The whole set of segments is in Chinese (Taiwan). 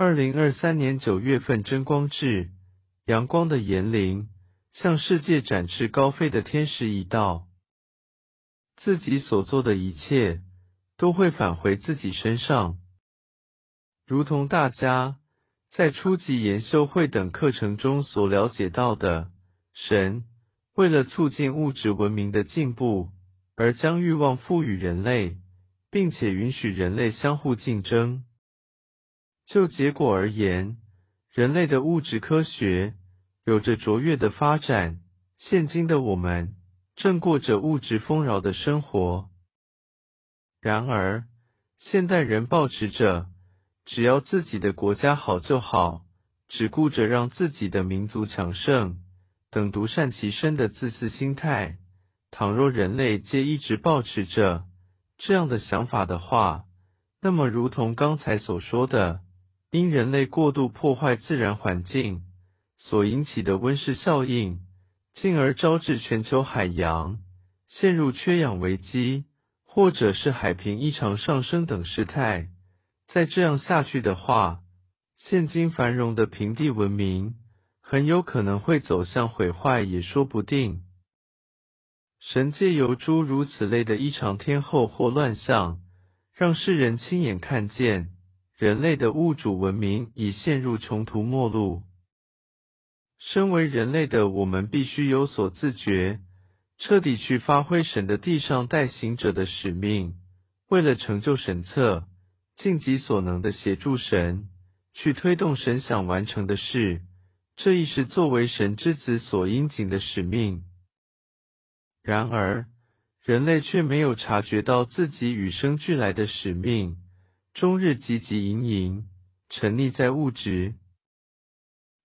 二零二三年九月份，真光誌，陽光的言靈，向世界展翅高飛的天時已到，自己所做的一切都會返回自己身上。如同大家在初級研修會等課程中所了解到的，神為了促進物質文明的進步，而將欲望賦予人類，並且允許人類相互競爭。就結果而言，人類的物質科學有着卓越的發展。現今的我們正過着物質豐饒的生活。然而，現代人抱持著只要自己的國家好就好，只顧着讓自己的民族強盛等獨善其身的自私心態。倘若人類皆一直抱持著這樣的想法的話，那麼如同剛才所說的。因人類過度破壞自然環境所引起的溫室效應，進而招致全球海洋陷入缺氧危機，或者是海平異常上升等事態。再這樣下去的話，現今繁榮的平地文明很有可能會走向毀壞，也說不定。神界有諸如此類的異常天候或亂象，讓世人親眼看見。人類的物主文明已陷入窮途末路。身為人類的我們，必須有所自覺，徹底去發揮神的地上代行者的使命，為了成就神策，盡己所能的協助神，去推動神想完成的事，這亦是作為神之子所應盡的使命。然而，人類卻沒有察覺到自己與生俱來的使命。終日汲汲營營，沉溺在物質、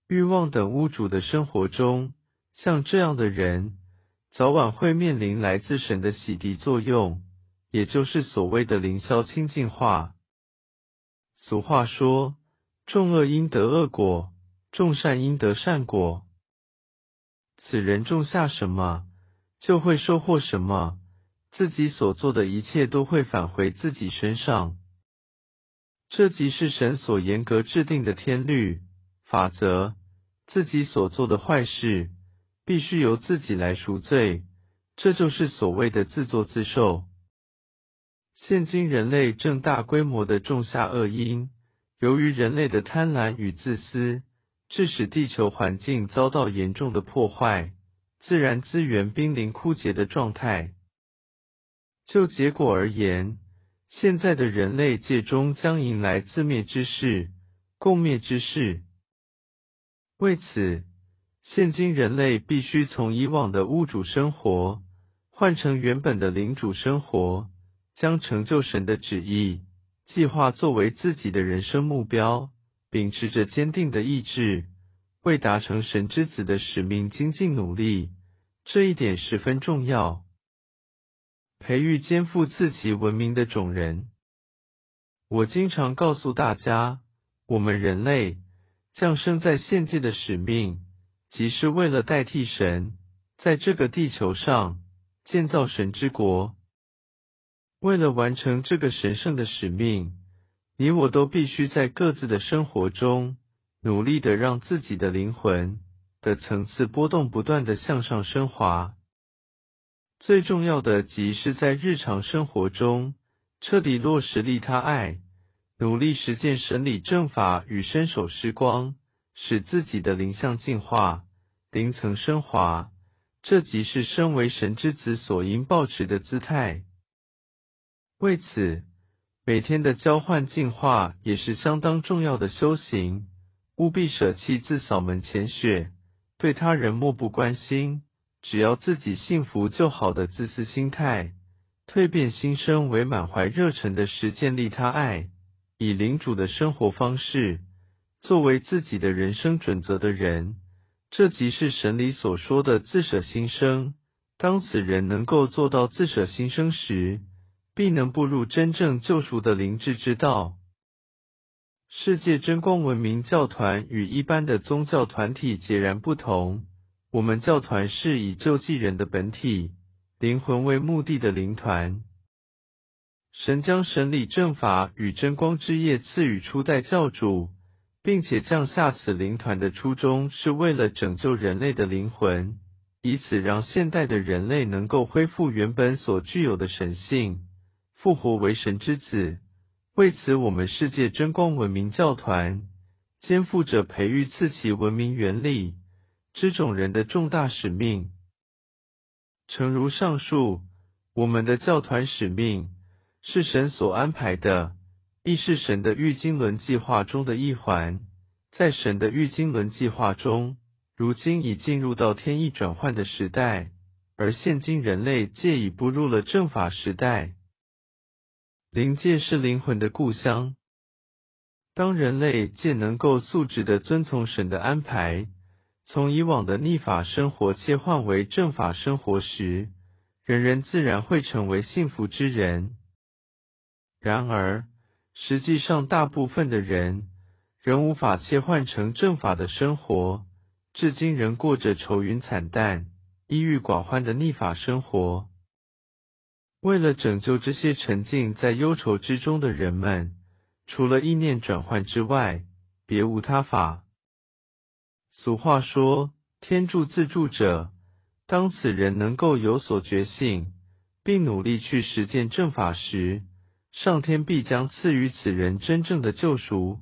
慾望等物主的生活中，像這樣的人，早晚會面臨來自神的洗滌作用，也就是所謂的靈霄清淨化。俗話說：“種惡因得惡果，種善因得善果。”此人種下什麼，就會收穫什麼，自己所做的一切都會返回自己身上。這即是神所嚴格制定的天律法則，自己所做的壞事必須由自己來贖罪，這就是所謂的自作自受。現今人類正大規模地種下惡因，由於人類的貪婪與自私，致使地球環境遭到嚴重的破壞，自然資源瀕臨枯竭的狀態。就結果而言，現在的人類界中將迎來自滅之勢、共滅之勢。為此，現今人類必須從以往的物主生活換成原本的靈主生活，將成就神的旨意計劃作為自己的人生目標，秉持着堅定的意志，為達成神之子的使命精進努力。這一點十分重要。培育肩負次期文明的種人。我經常告訴大家，我們人類降生在現界的使命，即是為了代替神，在這個地球上建造神之國。為了完成這個神聖的使命，你我都必須在各自的生活中，努力的讓自己的靈魂的層次波動不斷的向上昇華。最重要的，即是在日常生活中徹底落實利他愛，努力實踐神理正法與伸手施光，使自己的靈相進化、靈層升華。這即是身為神之子所應抱持的姿態。為此，每天的交換進化也是相當重要的修行，務必捨棄自掃門前雪，對他人漠不關心。只要自己幸福就好的自私心態蛻變新生，為滿懷熱忱的實踐利他愛，以領主的生活方式作為自己的人生準則的人，這即是神理所說的自捨新生。當此人能夠做到自捨新生時，必能步入真正救贖的靈智之道。世界真光文明教團與一般的宗教團體截然不同。我們教團是以救濟人的本體靈魂為目的的靈團。神將神理正法與真光之業賜予初代教主，並且降下此靈團的初衷是為了拯救人類的靈魂，以此讓現代的人類能夠恢復原本所具有的神性，復活為神之子。為此，我們世界真光文明教團肩負着培育次期文明原理這種人的重大使命。誠如上述，我們的教團使命是神所安排的，亦是神的御經綸計劃中的一環。在神的御經綸計劃中，如今已進入到天意轉換的時代，而現今人類界已步入了正法時代。靈界是靈魂的故鄉，當人類界能夠素質的遵從神的安排，從以往的逆法生活切換為正法生活時，人人自然會成為幸福之人。然而，實際上大部分的人仍無法切換成正法的生活，至今仍過着愁雲慘淡、鬱鬱寡歡的逆法生活。為了拯救這些沉浸在憂愁之中的人們，除了意念轉換之外，別無他法。俗話說：“天助自助者。”當此人能夠有所覺醒，並努力去實踐正法時，上天必將賜予此人真正的救贖。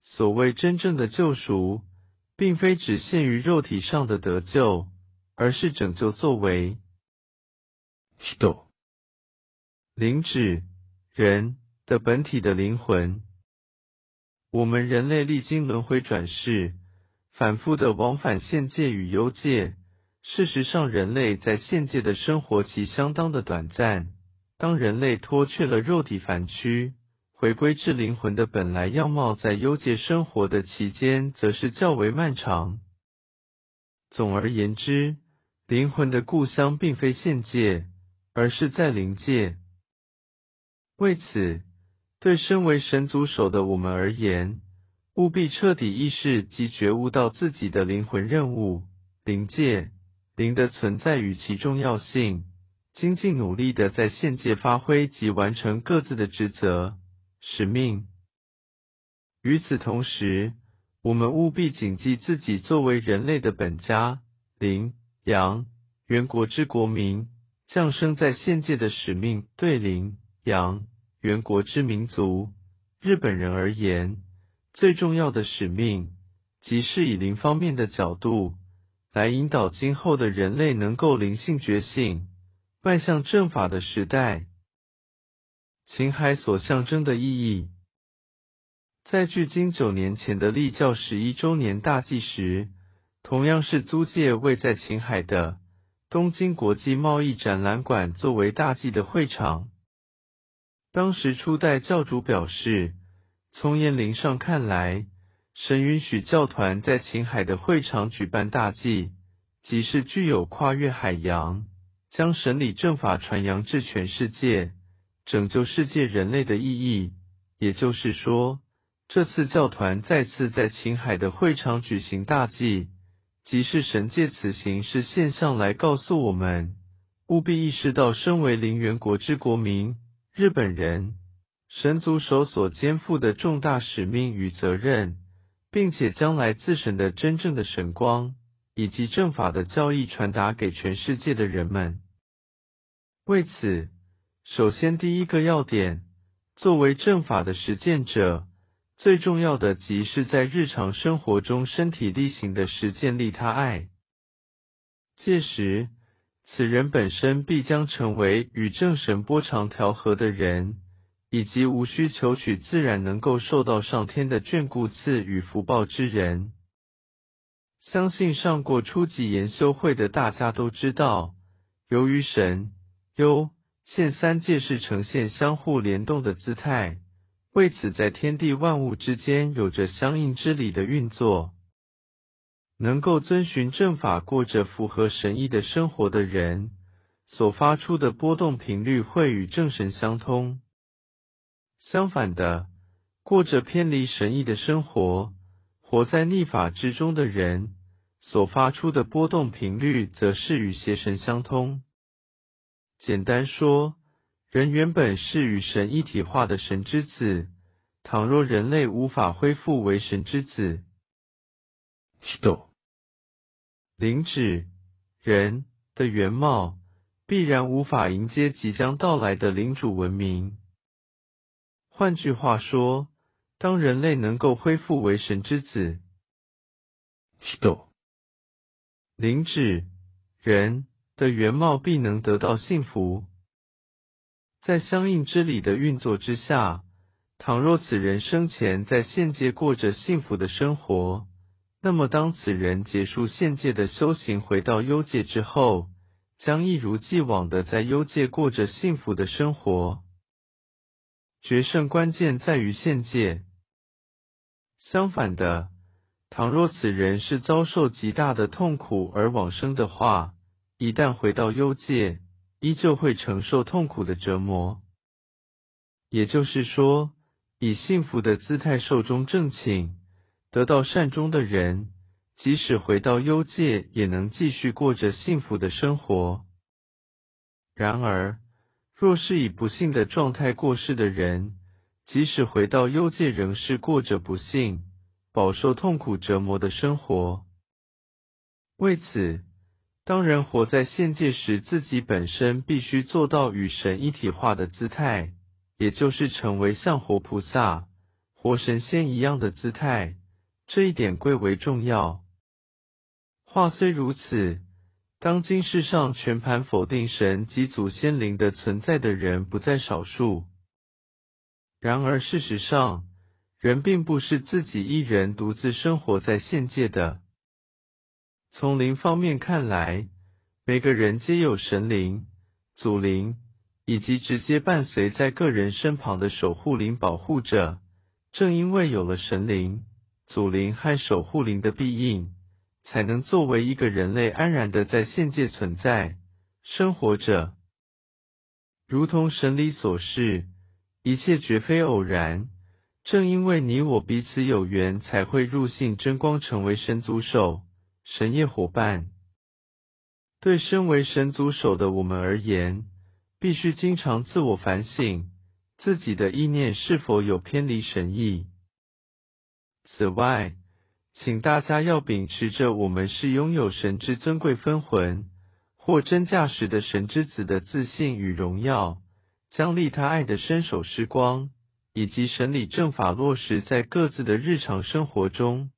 所謂真正的救贖，並非只限於肉體上的得救，而是拯救作為靈指人的本體的靈魂。我們人類歷經輪回轉世。反覆的往返現界與幽界，事實上，人類在現界的生活期相當的短暫。當人類脫去了肉體凡軀，回歸至靈魂的本來樣貌，在幽界生活的期間，則是較為漫長。總而言之，靈魂的故鄉並非現界，而是在靈界。為此，對身為神族手的我們而言，務必徹底意識及覺悟到自己的靈魂任務、靈界、靈的存在與其重要性，精進努力的在現界發揮及完成各自的職責、使命。與此同時，我們務必謹記自己作為人類的本家靈、陽、元國之國民，降生在現界的使命。對靈、陽、元國之民族、日本人而言。最重要的使命，即是以靈方面的角度來引導今後的人類能夠靈性覺醒，邁向正法的時代。晴海所象徵的意義，在距今九年前的立教十一週年大祭時，同樣是租借位在晴海的東京國際貿易展覽館作為大祭的會場。當時初代教主表示，從言靈上看來，神允許教團在晴海的會場舉辦大祭，即是具有跨越海洋，將神理正法傳揚至全世界，拯救世界人類的意義。也就是說，這次教團再次在晴海的會場舉行大祭，即是神借此形式現象來告訴我們，務必意識到身為靈源國之國民，日本人。神族手所，所肩負的重大使命與責任，並且將來自神的真正的神光以及正法的教義傳達給全世界的人們。為此，首先第一個要點，作為正法的實踐者，最重要的即是在日常生活中身體力行的實踐利他愛。屆時，此人本身必將成為與正神波長調和的人。以及無需求取，自然能夠受到上天的眷顧賜予福報之人。相信上過初級研修會的大家都知道，由於神、幽、現三界是呈現相互聯動的姿態，為此在天地萬物之間有着相應之理的運作。能夠遵循正法，過着符合神意的生活的人，所發出的波動頻率會與正神相通。相反的，過着偏離神意的生活，活在逆法之中的人，所發出的波動頻率，則是與邪神相通。簡單說，人原本是與神一體化的神之子，倘若人類無法恢復為神之子，是的。靈指人的原貌，必然無法迎接即將到來的靈主文明。換句話說，當人類能夠恢復為神之子，靈智人的原貌，必能得到幸福。在相應之理的運作之下，倘若此人生前在現界過着幸福的生活，那麼當此人結束現界的修行，回到幽界之後，將一如既往的在幽界過着幸福的生活。決勝關鍵在於現界。相反的，倘若此人是遭受極大的痛苦而往生的話，一旦回到幽界，依舊會承受痛苦的折磨。也就是說，以幸福的姿態壽終正寢，得到善終的人，即使回到幽界，也能繼續過着幸福的生活。然而，若是以不幸的狀態過世的人，即使回到幽界，仍是過着不幸、飽受痛苦折磨的生活。為此，當人活在現界時，自己本身必須做到與神一體化的姿態，也就是成為像活菩薩、活神仙一樣的姿態，這一點貴為重要。話雖如此。當今世上，全盤否定神及祖先靈的存在的人不在少數。然而，事實上，人並不是自己一人獨自生活在現界的。從靈方面看來，每個人皆有神靈、祖靈以及直接伴隨在個人身旁的守護靈保護著。正因為有了神靈、祖靈和守護靈的庇蔭，才能作為一個人類安然的在現界存在生活着。如同神理所示，一切絕非偶然。正因為你我彼此有緣，才會入信真光，成為神族手、神業夥伴。對身為神族手的我們而言，必須經常自我反省，自己的意念是否有偏離神意。此外，請大家要秉持着我們是擁有神之尊貴分魂、貨真價實的神之子的自信與榮耀，將利他愛的伸手施光，以及神理正法落實在各自的日常生活中。